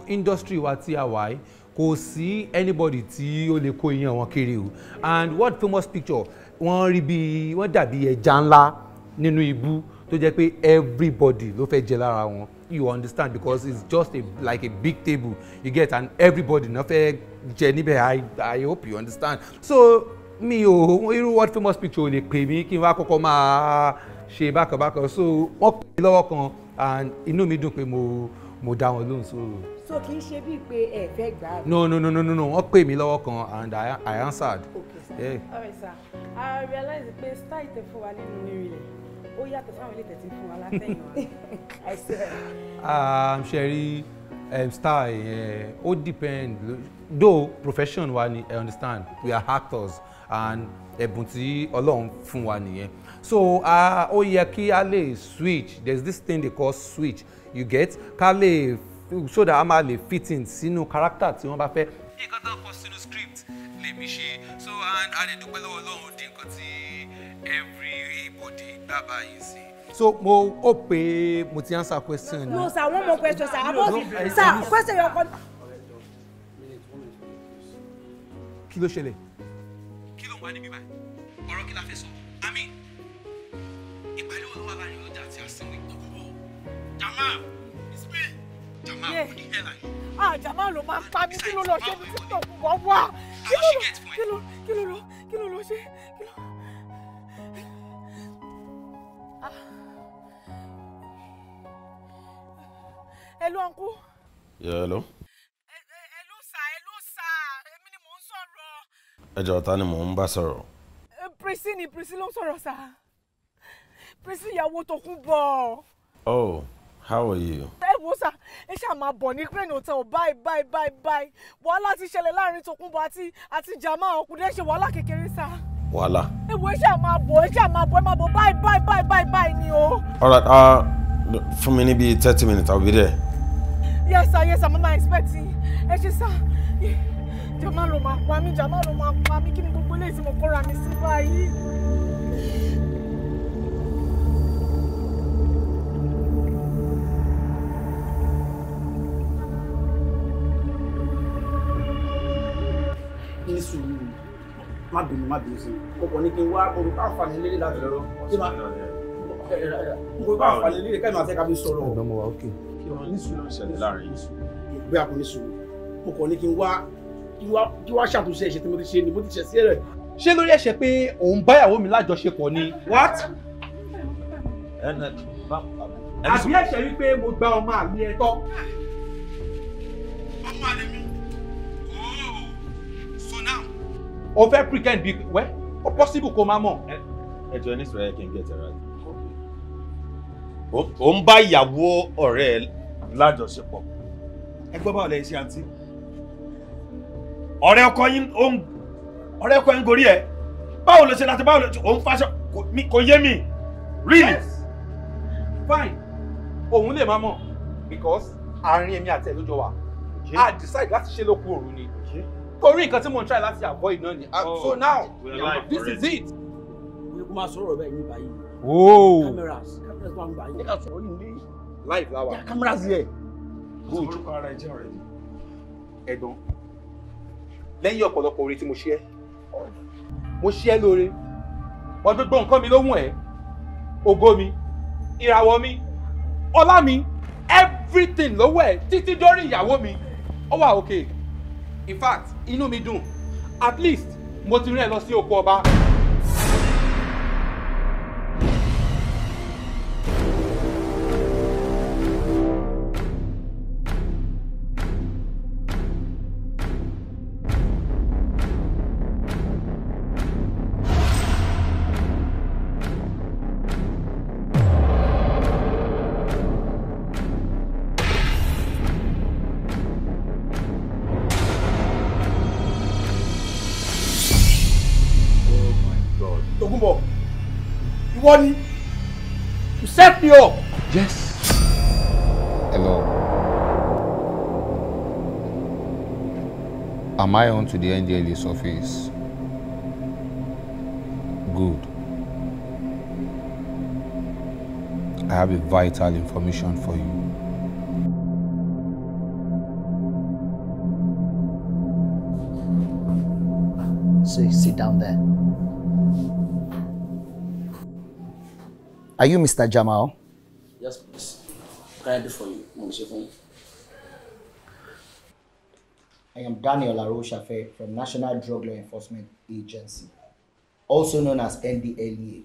industry wa tí a wà yìí kò sí anybody tí ó lè kó iyán wọn kiri o and world famous picture wọ́n rí bí wọ́n dàbí ẹja ńlá nínú ibú tó jẹ́ pé everybody ló fẹ́ jẹ lára wọn you understand because it's just a, like a big table you get and everybody náà fẹ́ jẹ níbẹ̀ i i hope you understand so mi ò irú world famous picture ò lè pè mí kí n wá kọ́kọ́ máa ṣe bákan bákan so wọ́n pè mí lọ́wọ́ kan and inú mi dùn pé mo mo dá wọn lóhùn sóòrò. so kì í ṣe bíi pé ẹ fẹ́ gbà á. no no no no no wọ́n pè mí lọ́wọ́ kan and I, I answered. okay sir yeah. all right sir I realize pé style tẹ fún wa nínú rírì rẹ ó yàtọ̀ fáwọn ilé tẹ̀sí fún wa látẹ̀yìn wa *laughs* I swear. um, um style yẹn eh, ó depend though profession wa ni I understand we are actors and ẹ̀bùn tí ọlọ́run fún wa nìyẹn so ó yẹ kí a lè switch there is this thing they call switch you get ká lè so that a máa lè fit in sínú character tí wọ́n bá fẹ́. nǹkan tó kọ sínú script lèmi ṣe so and a lè dúpẹ́ lọ́wọ́ ọlọ́run dín nǹkan tí everybody gbà báyìí sí so mo o pe mo ti answer question. no sir one more question sir about sir question your. kí ló ṣẹlẹ̀ wá níbí báyìí ọ̀rọ̀ kí la fẹ́ sọ àmín ìpàdé wo ló wà àti àsìnwó ìgbọ̀kọ̀wọ́ Jamal it's me Jamal kò ní hẹ́là yìí. ah Jamal ló máa ń pa mí kí ló lọ ṣe tí tó wọ́ wá kí ló lọ kí ló lọ kí ló lọ ṣe kí ló. Ah. hello uncle. yeah hello. ẹjọ ta ni mò ń bá sọ̀rọ̀. Eh, Prissy ni Prissy ló ń sọ̀rọ̀ sá Prissy ìyàwó tòkun bọ̀. oh how are you. ẹ wo sá ẹ ṣáà máa bọ̀ ní crane hotel báyìí báyìí báyìí báyìí wàhálà ti ṣẹlẹ̀ láàrin tòkunbọ̀ àti àti jama ọkùnrin ṣe wàhálà kékeré sá. wàhálà. ẹ wo ẹ ṣáà máa bọ̀ ẹ ṣáà máa bọ̀ ẹ máa bọ̀ báyìí báyìí báyìí báyìí báyìí ni o. alright uh, fún mi níbi thirty minutes I'll be there. yes sir yes sir mama expect ẹ ṣe sá. Yeah má lọ máa pa mí jà má lọ máa pa mí kí ni gbogbo eléyìí tí mo kóra mi sí báyìí. ní sùúrù má bínú má bínú sí i ọkọ ní kí n wá orúkọ àǹfààní lélẹ̀ láti lọ́rọ́ kí máa orúkọ àǹfààní lélẹ̀ káyọ̀ máa fẹ́ ká mi sọ̀rọ̀. ẹ̀gbọ́n mo wà ókè. kí wọ́n ní sùúrù ṣẹlẹ̀ láàrin yìí. bí kò ní sùúrù mo ní kí n wá kí ṣàtúnṣe ẹ̀ṣẹ̀ tí mo ti ṣe ni mo ti ṣẹ̀ sí rẹ̀. ṣé lórí ẹ̀ṣẹ̀ pé òun báyàwó mi lájọṣepọ̀ ni. what. àbí ẹ̀ṣẹ̀ wípé mo gba ọmọ àmì ẹ tọ́. ọmọ àlè mi ooo oh, so now. o fẹ́ pretend bí wẹ́ ó possible kó má mọ̀. ẹ jọ ní sọ̀rọ̀ ẹ kí n get it right. o ń bá ìyàwó ọ̀rẹ́ ẹ lájọṣepọ̀. ẹ gbọ́ báwo lẹ ṣe àǹtí ọ̀rẹ́ ọkọ yín òun ọ̀rẹ́ ọkọ yín gorí ẹ̀ báwo ló ṣe láti báwo ló ṣe òun fáṣọ kò yé mi really. fine òun lè máa mọ̀ because àárín èmi àti ẹ̀ lójọ wà i decide láti ṣe lókun òru ni torí nǹkan tí mo ń try láti avoid náà ni so oh, now this is it. mo máa sọ̀rọ̀ bẹ́ẹ̀ ní báyìí. cameras cameras wà ń gbà yín. nígbà tó ń live láwa. cameras yẹ. good. orúkọ ara ẹ jẹ́ ọ̀rẹ́ mi. ẹ̀gbọ́n lẹ́yìn ọ̀pọ̀lọpọ̀ oore tí mo ṣe ẹ́ mo ṣe ẹ́ lóore wọ́n gbogbo nǹkan mi ló wùn ẹ́ ògo mi ìràwọ̀ mi ọlá mi everything lọ́wọ́ ẹ̀ títí dórí ìyàwó mi ó wà okay in fact inú mi dùn at least mo ti rìn ẹ lọ sí oko ọba. One to set me up. yes. hello. am I on to the NDLE's office? good. I have a vital information for you. So sit down there. Are you Mr. Jamal? Yes, please. I do for you? I am Daniel Arochafe from National Drug Law Enforcement Agency, also known as NDLEA.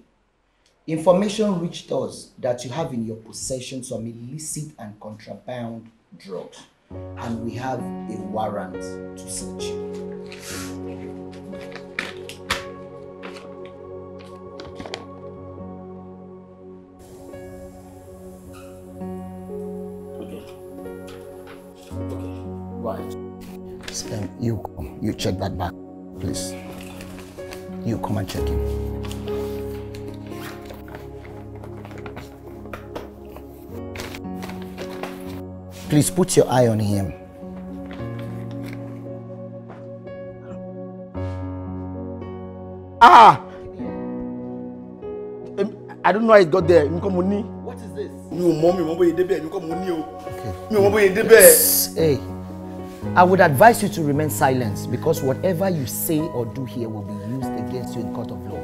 Information reached us that you have in your possession some illicit and contraband drugs, and we have a warrant to search you. check that back, please. You come and check him. Please put your eye on him. Ah! I don't know how it got there. Nǹkan mo ní. What is this? Mi ò mọ̀ mi ò mọ̀ bóyá débẹ̀. Nǹkan mo ní o. Okay. Mi ò mọ̀ Hey. I would advise you to remain silent because whatever you say or do here will be used against you in court of law.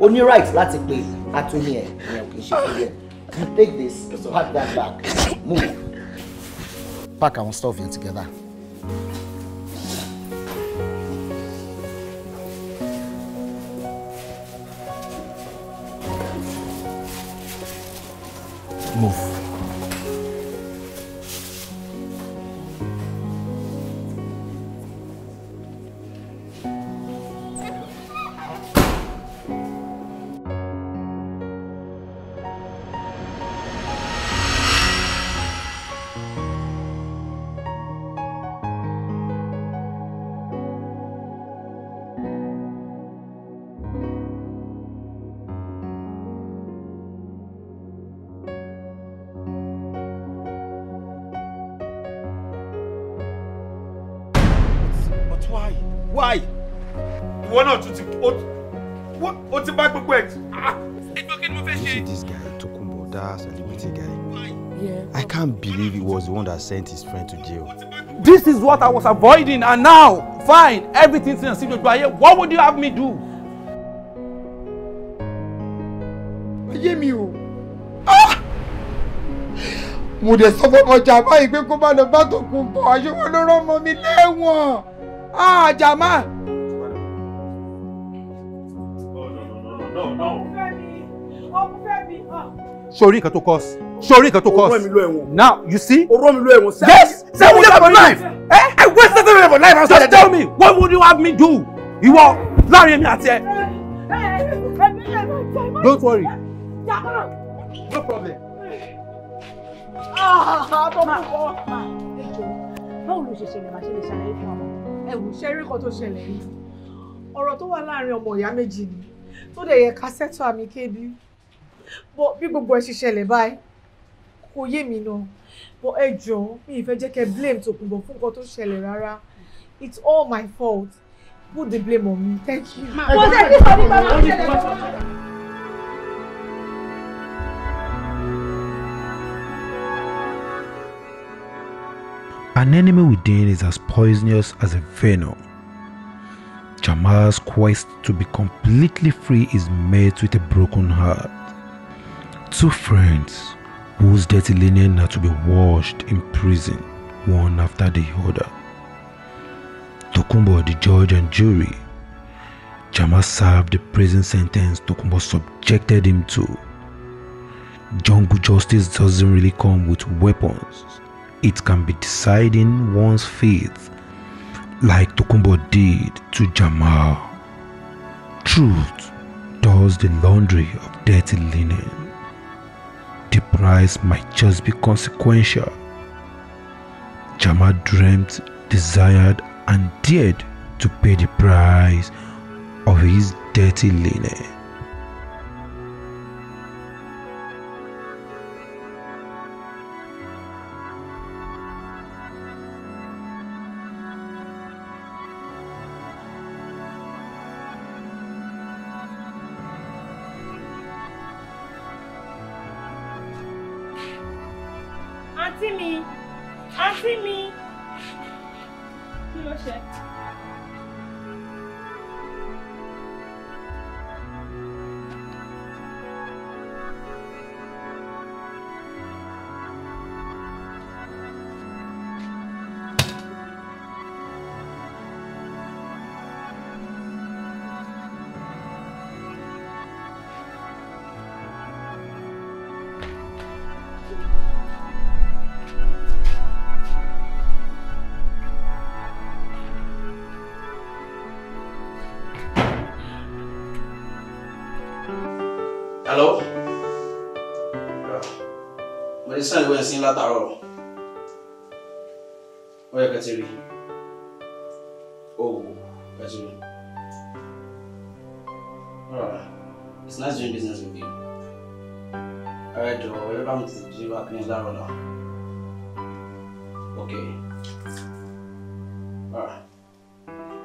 On your right láti pe attorney ẹ̀ ní òkè You take this, pack that back, move. Pack our stuff here together. Move. that sent his friend to jail. This is what I was avoiding and now, fine, everything's in a secret. What would you have me do? Ayé mi o. Ah! Mo dẹ̀ sọ fún ọmọ Jàmá yìí pé kó má lọ bá tòkun bọ̀, àṣewọ́ ló rán ọmọ mi lẹ́wọ̀n. Ah, Jàmá. Sori nǹkan tó kọ́ sí sori nkan to cause. oró mi lọ ẹ̀wọ̀n. now you see. oró mi lọ ẹ̀wọ̀n. yes eh? seven years of life. Eh? I wasted seven years for life outside just tell me what would you have me do. ìwọ láàrin èmi àti ẹ. Eh, eh, don't worry. no problem. Ah, báwo ló ṣe ṣẹlẹ̀ máa ṣe lè ṣàlàyé fún ọmọ ẹ wò ṣe eré kan tó ṣẹlẹ̀ yìí ọ̀rọ̀ tó wà láàrin ọmọ ìyá méjì ni tó dẹ̀ yẹ ká sẹ́tọ̀ àmì kébí bí gbogbo ẹ̀ ṣe ṣẹlẹ̀ báyìí mi but mi fẹ́ jẹ́ kẹ́ blame fún tó ṣẹlẹ̀ rárá it's all my fault put the blame on me thank you. An enemy within is as poisonous as a venom. Jamal's quest to be completely free is met with a broken heart. Two friends whose dirty linen had to be washed in prison one after the other. Tokumbo, the judge and jury, Jama served the prison sentence Tokumbo subjected him to. Jungle justice doesn't really come with weapons. It can be deciding one's fate, like Tokumbo did to Jamal. Truth does the laundry of dirty linen. The price might just be consequential. Jama dreamed, desired, and dared to pay the price of his dirty linen. ẹ sàn ìwé ẹ̀sìn látàárọ̀ ó yẹ kẹtì rí o alright it's nice doing business with you ẹ jọ ẹ bá mi ti di wá kí n náà okay alright.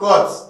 Court.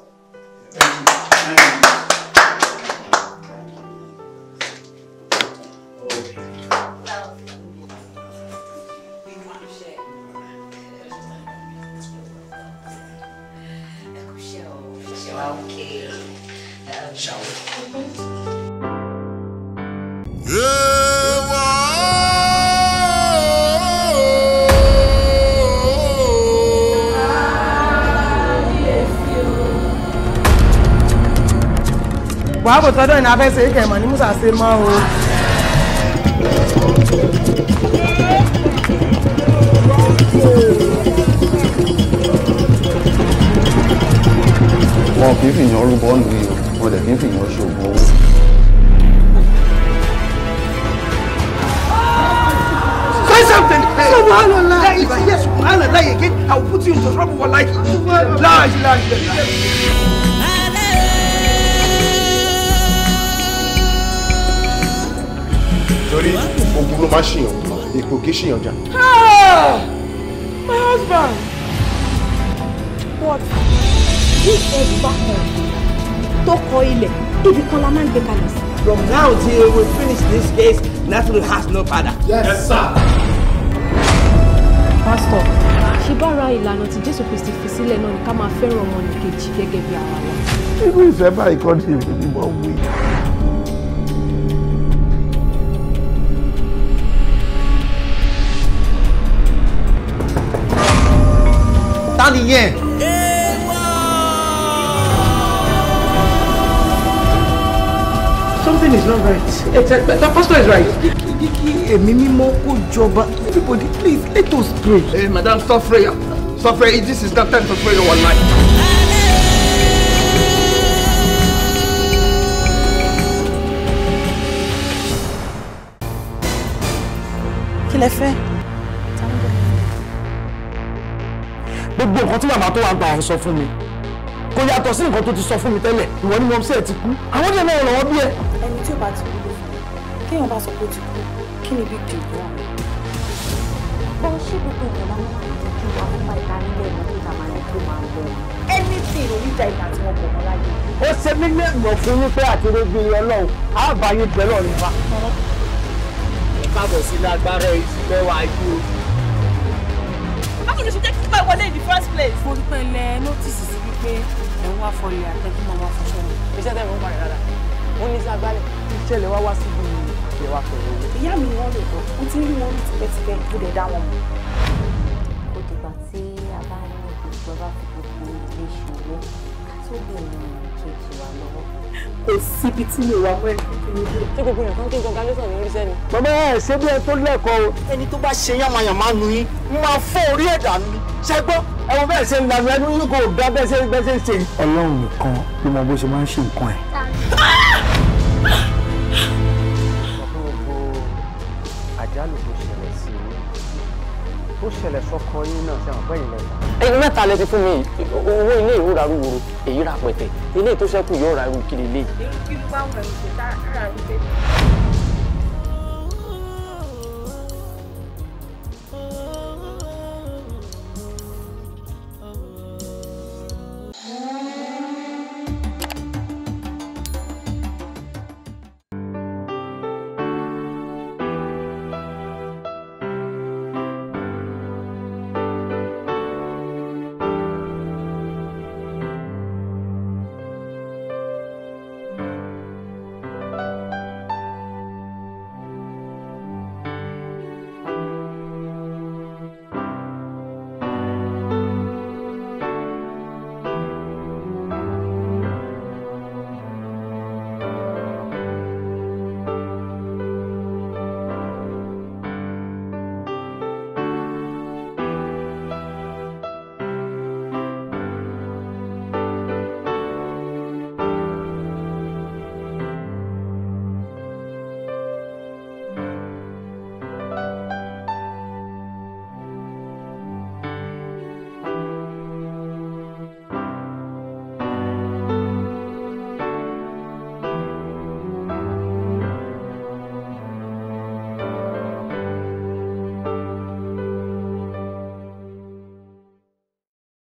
ta fẹ́ ṣe kẹ̀mọ́ ní musa ṣe mọ́ o. wọn kì í fìyàn rúbọ nù yìí o wọn dẹ̀ kì í fìyàn ṣoògùn owó. Say something! If I hear Subhanallah again, I will put you into trouble for life. La ilaha illallah. torí ogun ló máa ṣèyàn èpò kì í ṣèyàn jà. Ah! my husband what if ẹgbà kan tó kọ ilẹ̀ ibì kan la máa ń gbé kalẹ̀ sí. from now till we finish this case nothing has no father. yes, yes sir. pastor ṣe bára ìlànà tí jésù kristi fi sílẹ̀ náà ni ká máa fẹ́ràn ọmọnìkejì gẹ́gẹ́ bí ara wa. irú ìfẹ́ báyìí kan ní ìlú ni wọ́n wí. ta something is not right. It's a, uh, the pastor is right. Kí kí ẹ̀mí mímọ́ kó Everybody please let us pray. Hey, eh, madam stop prayer. Stop prayer. This is not time to pray your life. Kí lẹ fẹ́? gbogbo nǹkan tí màmá tó wà ń gbà sọ fún mi kò yàtọ̀ sí nǹkan tó ti sọ fún mi tẹ́lẹ̀ ìwọ ni mo ṣe ẹ̀ ti kú àwọn díẹ̀ náà lọ́wọ́ bí ẹ. ẹni tí ó bá ti kú ló fún bá sọ pé ó ti kú kí ni big deal wà. ohun ṣé gbogbo ìwọ̀n máa ń wá ìtọ́jú àkópa ìdánilẹ̀ ìmọ̀ tó dàmà ní kó máa ń lọ ẹni tí ìròyìnjà ìgbà tí wọ́n kọ̀ mọ́ láyé. ó ṣe mí lẹ́gbọ̀n fún wípé àtúrógbé ọlọ́run á bá yín bẹ́ẹ̀ lọ́rùn wa. ìkábọ̀ sí lágbára ìsúnmẹ́wàá ikú báwo ló ṣe jẹ́ kí báyìí wọlé in the first place. mo dúpẹ́ lẹ nọ́tìsì sí wípé ẹ̀ ń wá fọlẹ̀ àtẹ́gùn máa wá fọṣọ mi. iṣẹ́ tẹ̀ fún parí rárá ó ní sábàlẹ̀ iṣẹ́ lè wá wá síbi ìṣẹ́ wa pẹ̀lú owó. ìyá mi wọ́n lè gbọ́ ó ti rí wọn ní tipẹ́tipẹ́ kó lè dá wọn mọ̀. kò dìgbà tí a bá ní ìjọba fi gbogbo ilé ṣòwò tó lè rìn lọ́wọ́ kò síbi tí mi wà mọ́ ẹ tí gbogbo èèyàn kan tó gbọ̀ngá ló sàn ní orí sẹ́ni. bàbá ẹ ṣé bí ẹ tó lẹ́kọ̀ọ́ ẹni tó bá ṣe yànmàyànmá nu yín ń máa fọ́ orí ẹ̀dá mi ṣẹ́gbọ́n ẹ̀wọ̀n bẹ́ẹ̀ ṣe ń lanu ẹnu yín kò dá bẹ́ẹ̀ ṣe ń ṣe. ọlọ́run nìkan ló mọ bó ṣe máa ń ṣe nǹkan ẹ̀. tó ṣẹlẹ̀ sọ́kọ yín náà ṣe àwọn pẹ́yìn lẹ́yìn. ẹyin mẹ́ta lẹ ti fún mi owó ilé ìwò ra rúworo èyí ra pẹ̀tẹ̀ ilé tó yóò ra irú kiri lé. èyí kí ló bá wọn ẹ̀ ń ṣe